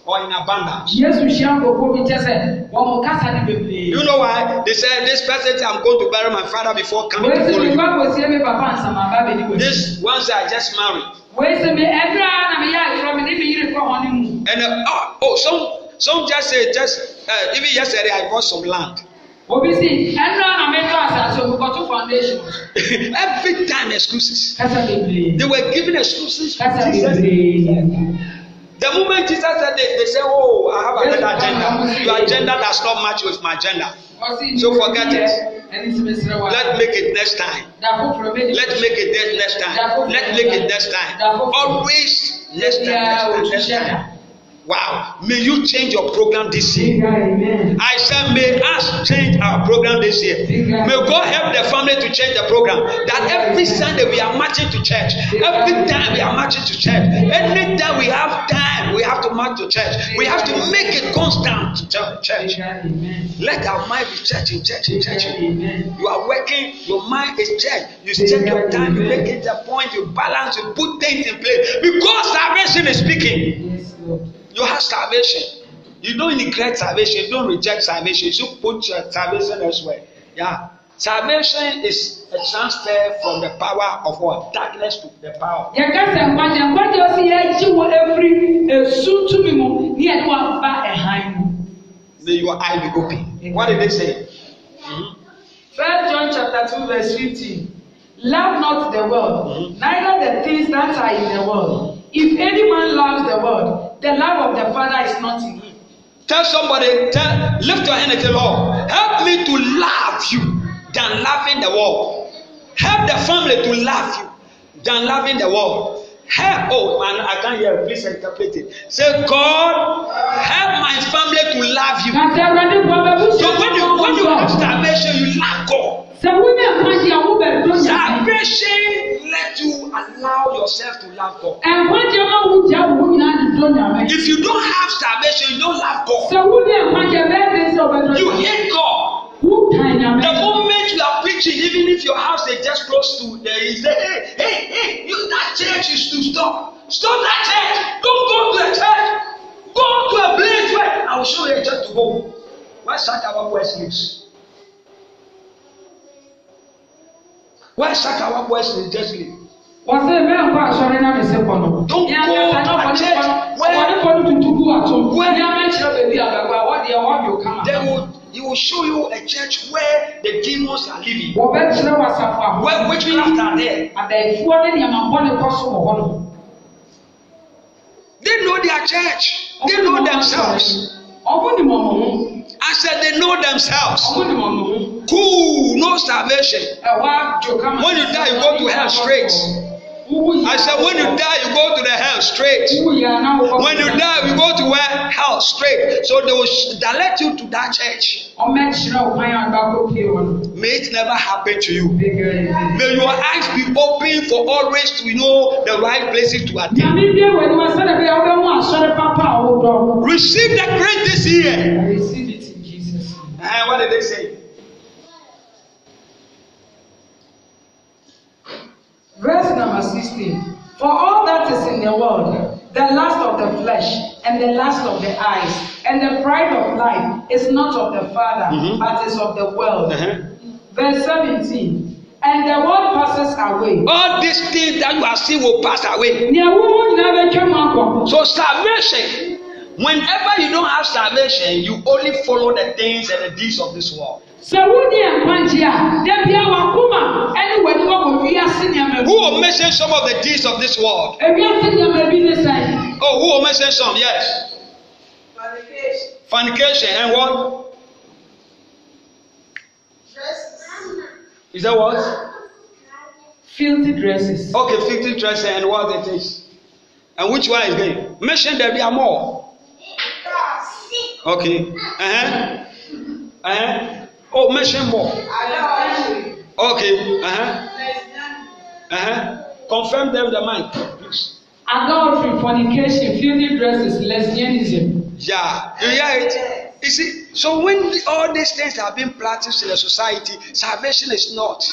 or in abundance. You know why? They said, This person, I'm going to bury my father before coming to follow you. This once I just married. And uh, oh, oh, some some just say just uh, even yesterday I bought some land. obi si ẹnu ọ̀nà mẹ́tọ́ àṣàṣe òkùnkọ̀tún foundation. every time excuses. they were given excuses. The moment Jesus said this, they say, Oh, I have another agenda. Your agenda does not match with my agenda. So forget it. Let's make it next time. Let's make it next time. Let's make it next time. Always next time, next time, next time. Wow. May you change your program this year. I said, may us change our program this year. May God help the family to change the program. That every Sunday we are marching to church. Every time we are marching to church. Every time we have time, we have to march to church. We have to make it constant to church. Let our mind be churching, churching, churching. You are working, your mind is church. You take your time, you make it a point, you balance, you put things in place. Because salvation is speaking. Yes, Lord. You have salvation. You don't neglect salvation. You don't reject salvation. You put your salvation elsewhere. Yeah. Salvation is a transfer from the power of what? Darkness to the power. Yẹ̀kẹ́sẹ̀ nkwa jẹ́ nkwa jẹ́ ọsẹ yẹ́ jí wọ efiri esu túnmí mu ní ẹni wà bá ẹ̀hán mu. May your eye be open. What did they say? Mhm. First John chapter two verse fifteen. Love not the world, mhm. neither the things that are in the world. If any love of the Father is not in him. Tell somebody, tell, lift your hand and tell Lord, help me to love you than loving the world. Help the family to love you than loving the world. Help, oh man, I can't hear. Please interpret it. Say, God, help my family to love you. So when you when you have starvation, you love God. Sɛ wo ne nkwagye a wo bɛ do nyame. Salvation let you allow yourself to love God. Nkwagye ma wo gya wo nyinaa de do nyame. If you don't have salvation, you don't love God. Sɛ wo ne nkwagye bɛɛ bɛ sɛ o bɛ do nyame. You hate God. Wo kan nyame. The moment you are preaching, even if your house is just close to there, uh, you say, hey, hey, hey, that church is to stop. Stop that church. Don't go to a church. Go to a place where I will show you a church to go. Why start our words use? wɔahyɛ ka wabɔ ɛsɛ gyesile. wɔsɛ mɛn kɔ asɔre na ne se kɔ no. don go to church where wɔde kɔ no tuntum bu ato. where ní amẹ kyerɛ baabi abagba wɔde ɛwɔ bi o kama. they will he will show you a church where the demons are living. wọ́n bẹ kyerɛ wasafo ahọ́. where witchcraft are there. abẹ́ẹ̀fọ́ ne nìyẹn bọ́ ne kọ́ so wọ̀ hɔ no. they know their church. they know themselves. ọ̀gbọ́n ni mọ̀mọ́. I said they know themselves. Cool, no salvation. When you die, you go to hell straight. I said, when you die, you go to the hell straight. When you die, you go to where? Hell straight. So they will direct you to that church. May it never happen to you. May your eyes be open for always to know the right places to attend. Receive the grace this year. And eh, what did they say? Verse number 16. For all that is in the world, the lust of the flesh, and the lust of the eyes, and the pride of life is not of the Father, mm-hmm. but is of the world. Uh-huh. Verse 17. And the world passes away. All these things that you are seeing will pass away. So salvation Whenever you don't have salvation, you only follow the things and the deeds of this world. Sɛ wo ni ɛnkwanji a, dabi a wa kuma ɛni wani wa ko wiase Who will mention some of the deeds of this world? Ewiase nneɛma bi ne sɛ. Oh, who will mention some? Yes. Fornication. Fornication and what? Dresses. Is that what? Filthy dresses. Okay, filthy dresses and what it is. And which one is it? Mention there be more. Okay. Uh-huh. Uh-huh. Oh, mention more. Okay. Uh-huh. Uh-huh. Confirm them the mind, please. Adultery, fornication, filthy dresses, lesbianism. Yeah, you hear it? You see, so when all these things are being practiced in the society, salvation is not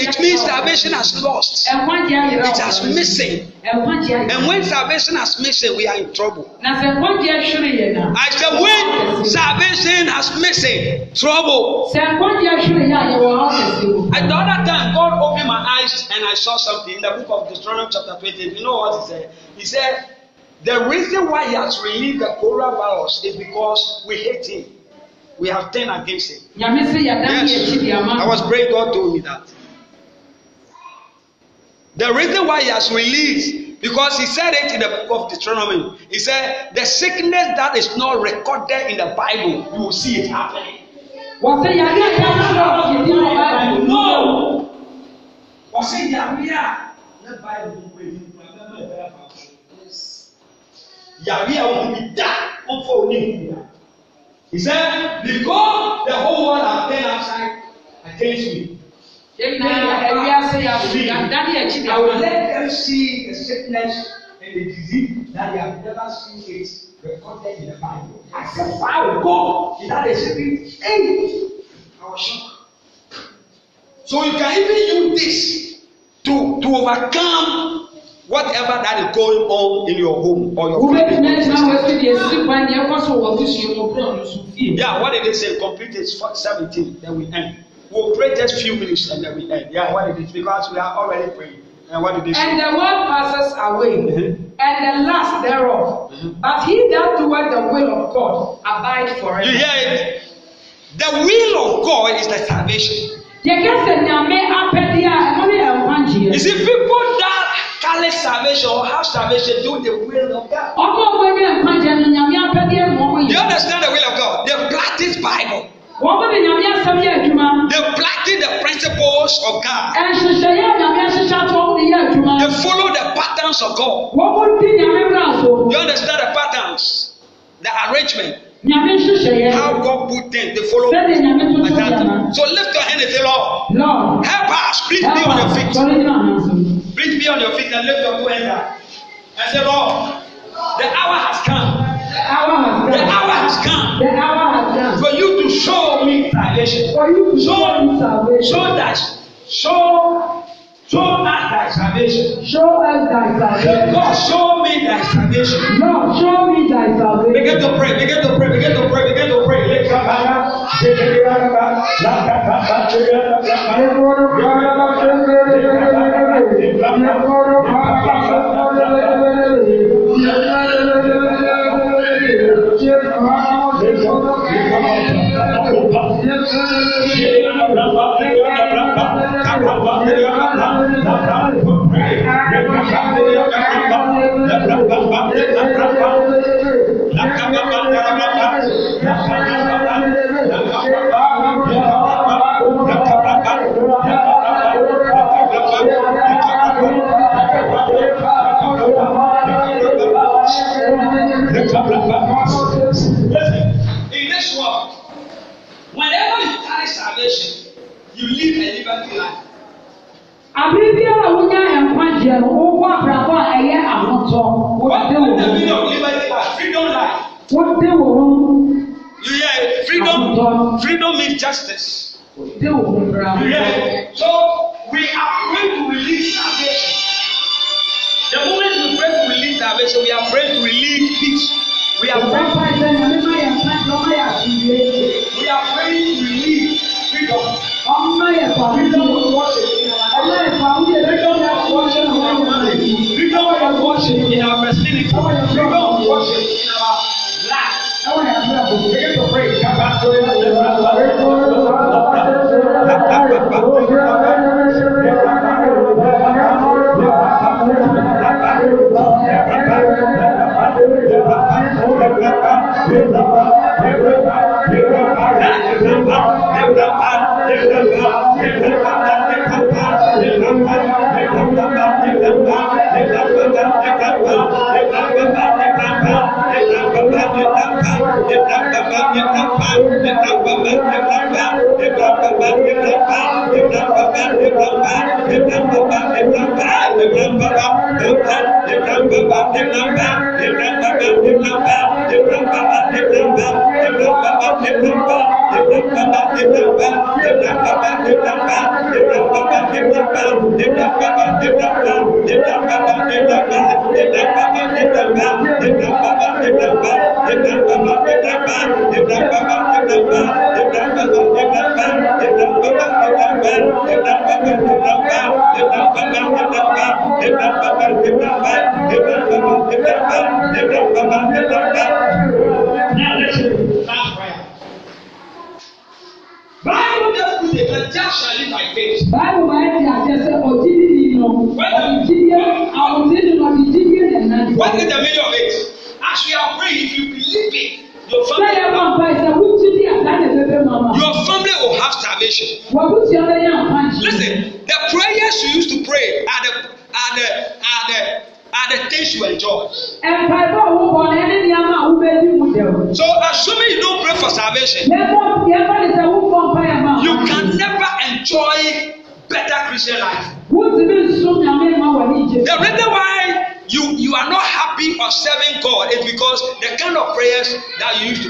it means salvation has lost it has missing and when salvation has missing we are in trouble I said when salvation has missing trouble sɛ at the other time God opened my eyes and I saw something in the book of Deuteronomy chapter 20. you know what he said he said the reason why he has relieved the coronavirus is because we hate him we have turned against him. Yes. I was praying, God told me that. The reason why he has released, because he said it in the book of Deuteronomy. He said, The sickness that is not recorded in the Bible, you will see it happening. No! Yàrá ìyàwó mi dá, ó fọ́ oníhùn yàrá. He said, Because the whole world has turned upside against me. Then I will let them see the sickness and the disease that they have never seen it recorded in the Bible. I said, Wow, go." is that a secret? Hey, I was shocked. So you can even use this to, to overcome whatever that is going on in your home or your family. Yeah, what did they say? Complete is seventeen, then we end. We'll pray just few minutes and then we end. Yeah, what did it? Because we are already praying. And what did they say? And the world passes away, mm-hmm. and the last thereof. Mm-hmm. But he that doeth the will of God abide forever. You hear it? The will of God is the salvation. You see, people that carry salvation or have salvation do the will of God. ọmọ ọgbẹ ní ẹ̀ka nyàmí abẹ́bí ẹ̀mọ́ yìí. you understand the will of God they practice bible. wọ́n bẹ ní nyàmí asẹ́bí ẹ̀dwuma. they practice the principles of God. ẹ̀ṣiṣẹ́ yẹ nyàmí ẹ̀ṣiṣẹ́ àtọ́ ní yẹ ẹ̀dwuma. they follow the patterns of God. wọ́n bẹ ní nyàmí mìíràn so. you understand the patterns the arrangement. nyàmí ṣiṣẹ́ yẹ. how God put them they follow. sẹ́ni nyàmí tuntun yàrá. so lift your hand and say lord. lord help us please help be on your feet me on your feet and lift your two hands up. And say, Lord, the hour has come. The hour has come. The hour has come. For you to show me salvation. For you to show, me salvation. Show that. Show. Show us thy salvation. Show us thy salvation. God, show me thy salvation. Lord, show me thy salvation. Begin to pray. Begin to pray. Begin to pray. Begin to pray. Lift your hand. Freedom means justice. Yeah. So we are praying to release salvation. The moment we pray to release salvation, we are praying to release peace. We are praying to release We are praying to release freedom. Freedom of worship in our Freedom Freedom of worship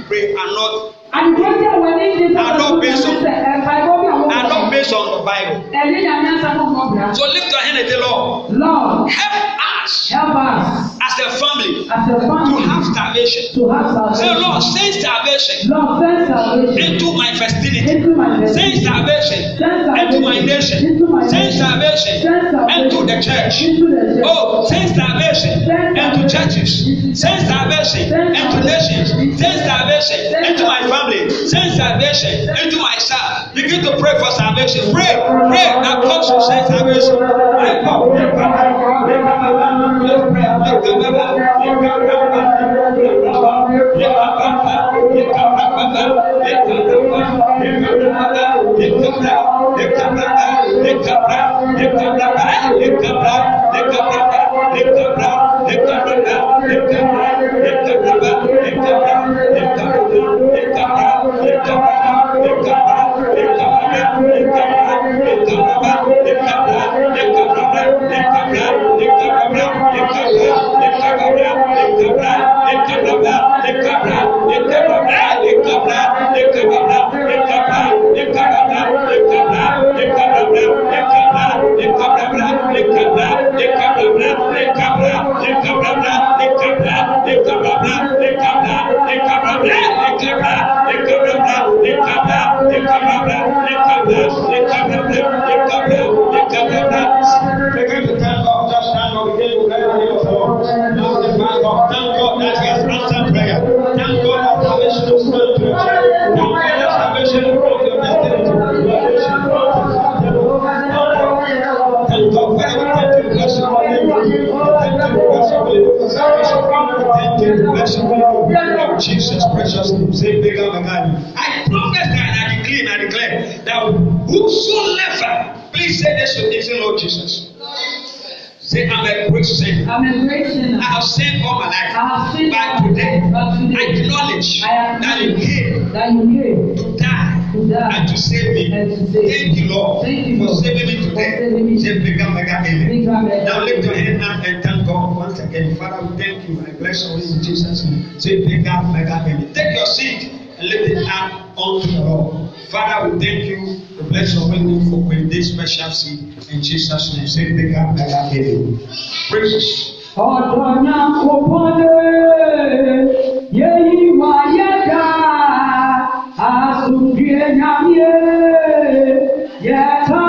pray are not are not based on are not based on the Bible. So lift your hand and say, Lord, Lord, help us. Help us as a family, as a family to have salvation. To have salvation. Say, Lord, send salvation, Lord, send salvation into my festivity. Into my send salvation, into my nation. send salvation, into the church. Oh, send salvation into churches. Send salvation into nations. Send salvation into my family. Send salvation into myself. Begin to pray for salvation. Pray, pray that God should send salvation. Lift up Jesus' precious name. Say, beggar Magani. I promise that I declare, I declare that whosoever, please say this with me, Lord Jesus. Say, I'm a great sinner. I'm a great sinner. I have sinned all my life. I have sinned. But today, today I acknowledge I that you came, that you came to die and to save me. Thank you, Lord, for saving me today. Say, Become mega amen. Now lift your hand up and thank God once again. Father, we thank you. I bless you in Jesus' name. Say, Pega Pega Baby. Take your seat and lift it up unto the Lord. Father, we thank you. We bless your holy name for with this special seed in Jesus' name. Say, Pega Pega Baby. Praise. Ọ̀dọ̀ náà kò bọ́lé, yẹ́yí wáyé dáa a sus pies a miel y a